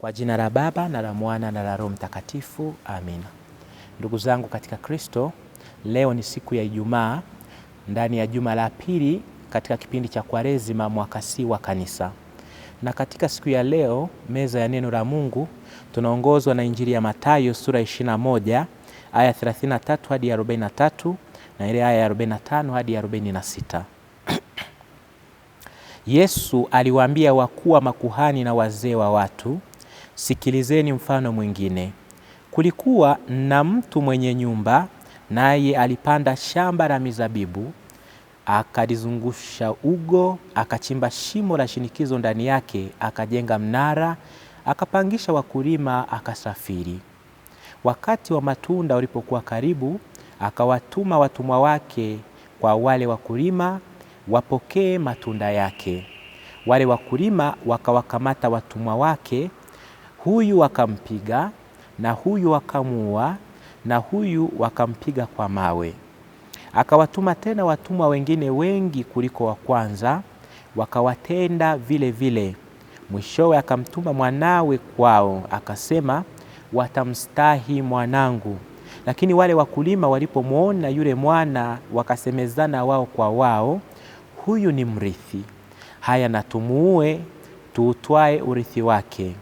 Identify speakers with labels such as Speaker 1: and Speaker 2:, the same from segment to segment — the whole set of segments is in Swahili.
Speaker 1: Kwa jina la Baba na la Mwana na la Roho Mtakatifu, amina. Ndugu zangu katika Kristo, leo ni siku ya Ijumaa ndani ya juma la pili katika kipindi cha Kwaresima mwaka C wa Kanisa, na katika siku ya leo meza ya neno la Mungu tunaongozwa na Injili ya Mathayo sura 21 aya 33 hadi 43 na ile aya ya 45 hadi 46. Yesu aliwaambia wakuu wa makuhani na wazee wa watu Sikilizeni mfano mwingine. Kulikuwa na mtu mwenye nyumba, naye alipanda shamba la mizabibu, akalizungusha ugo, akachimba shimo la shinikizo ndani yake, akajenga mnara, akapangisha wakulima, akasafiri. Wakati wa matunda ulipokuwa karibu, akawatuma watumwa wake kwa wale wakulima wapokee matunda yake. Wale wakulima wakawakamata watumwa wake huyu wakampiga na huyu wakamuua na huyu wakampiga kwa mawe. Akawatuma tena watumwa wengine wengi kuliko wa kwanza, wakawatenda vile vile. Mwishowe akamtuma mwanawe kwao, akasema, watamstahi mwanangu. Lakini wale wakulima walipomwona yule mwana, wakasemezana wao kwa wao, huyu ni mrithi, haya natumuue, tuutwae urithi wake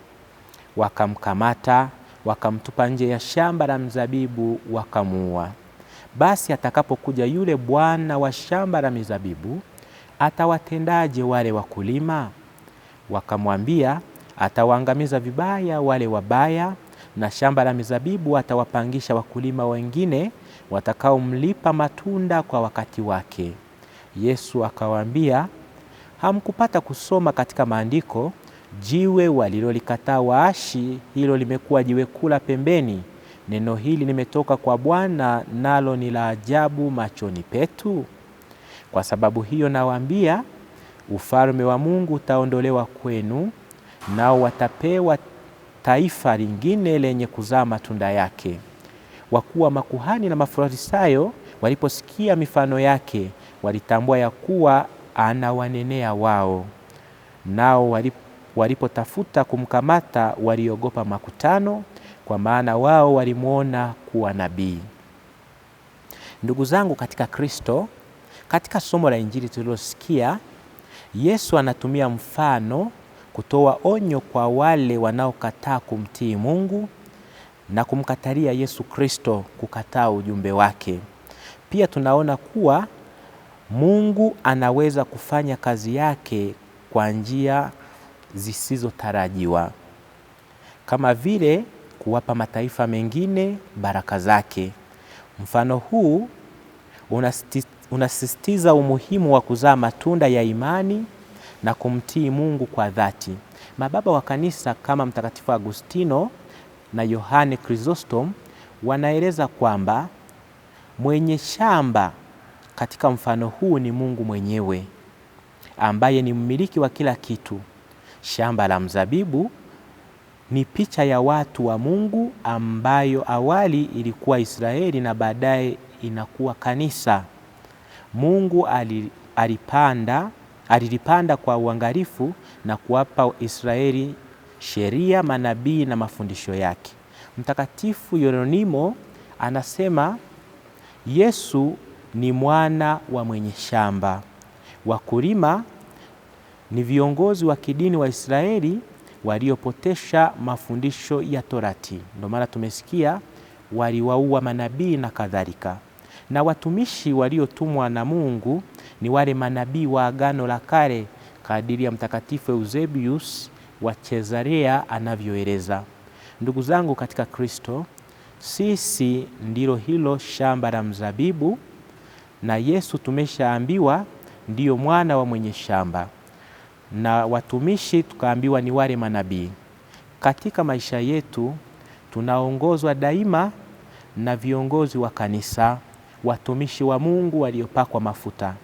Speaker 1: wakamkamata, wakamtupa nje ya shamba la mzabibu, wakamuua. Basi atakapokuja yule bwana wa shamba la mizabibu, atawatendaje wale wakulima? Wakamwambia, atawaangamiza vibaya wale wabaya, na shamba la mizabibu atawapangisha wakulima wengine watakaomlipa matunda kwa wakati wake. Yesu akawaambia, hamkupata kusoma katika maandiko Jiwe walilolikataa waashi, hilo limekuwa jiwe kula pembeni. Neno hili limetoka kwa Bwana, nalo ni la ajabu machoni petu. Kwa sababu hiyo nawaambia, ufalme wa Mungu utaondolewa kwenu, nao watapewa taifa lingine lenye kuzaa matunda yake. Wakuu wa makuhani na Mafarisayo waliposikia mifano yake, walitambua ya kuwa anawanenea wao, nao walipo Walipotafuta kumkamata waliogopa makutano, kwa maana wao walimwona kuwa nabii. Ndugu zangu katika Kristo, katika somo la Injili tulilosikia, Yesu anatumia mfano kutoa onyo kwa wale wanaokataa kumtii Mungu na kumkatalia Yesu Kristo, kukataa ujumbe wake. Pia tunaona kuwa Mungu anaweza kufanya kazi yake kwa njia zisizotarajiwa kama vile kuwapa mataifa mengine baraka zake. Mfano huu unasisitiza umuhimu wa kuzaa matunda ya imani na kumtii Mungu kwa dhati. Mababa wa kanisa kama Mtakatifu Agustino na Yohane Chrysostom wanaeleza kwamba mwenye shamba katika mfano huu ni Mungu mwenyewe ambaye ni mmiliki wa kila kitu. Shamba la mzabibu ni picha ya watu wa Mungu ambayo awali ilikuwa Israeli na baadaye inakuwa kanisa. Mungu alipanda, alilipanda kwa uangalifu na kuwapa Israeli sheria, manabii na mafundisho yake. Mtakatifu Yeronimo anasema Yesu ni mwana wa mwenye shamba. Wakulima ni viongozi wa kidini wa Israeli waliopotesha mafundisho ya Torati. Ndio maana tumesikia waliwaua manabii na kadhalika. Na watumishi waliotumwa na Mungu ni wale manabii wa Agano la Kale, kadiri ya Mtakatifu Eusebius wa Cezarea anavyoeleza. Ndugu zangu katika Kristo, sisi ndilo hilo shamba la mzabibu, na Yesu tumeshaambiwa ndiyo mwana wa mwenye shamba na watumishi tukaambiwa ni wale manabii. Katika maisha yetu tunaongozwa daima na viongozi wa kanisa, watumishi wa Mungu waliopakwa mafuta.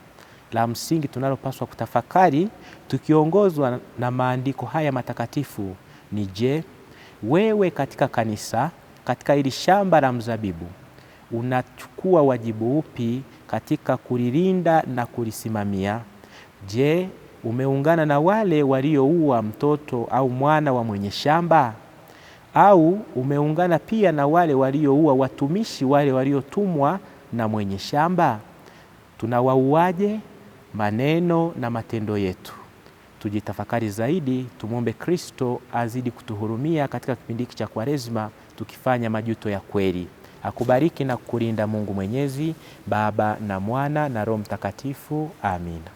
Speaker 1: La msingi tunalopaswa kutafakari tukiongozwa na maandiko haya matakatifu ni je, wewe katika kanisa, katika hili shamba la mzabibu unachukua wajibu upi katika kulilinda na kulisimamia? Je, umeungana na wale walioua mtoto au mwana wa mwenye shamba? Au umeungana pia na wale walioua watumishi wale waliotumwa na mwenye shamba? Tunawauaje maneno na matendo yetu? Tujitafakari zaidi, tumwombe Kristo azidi kutuhurumia katika kipindi hiki cha kwarezima tukifanya majuto ya kweli. Akubariki na kukulinda Mungu Mwenyezi, Baba na Mwana na Roho Mtakatifu. Amina.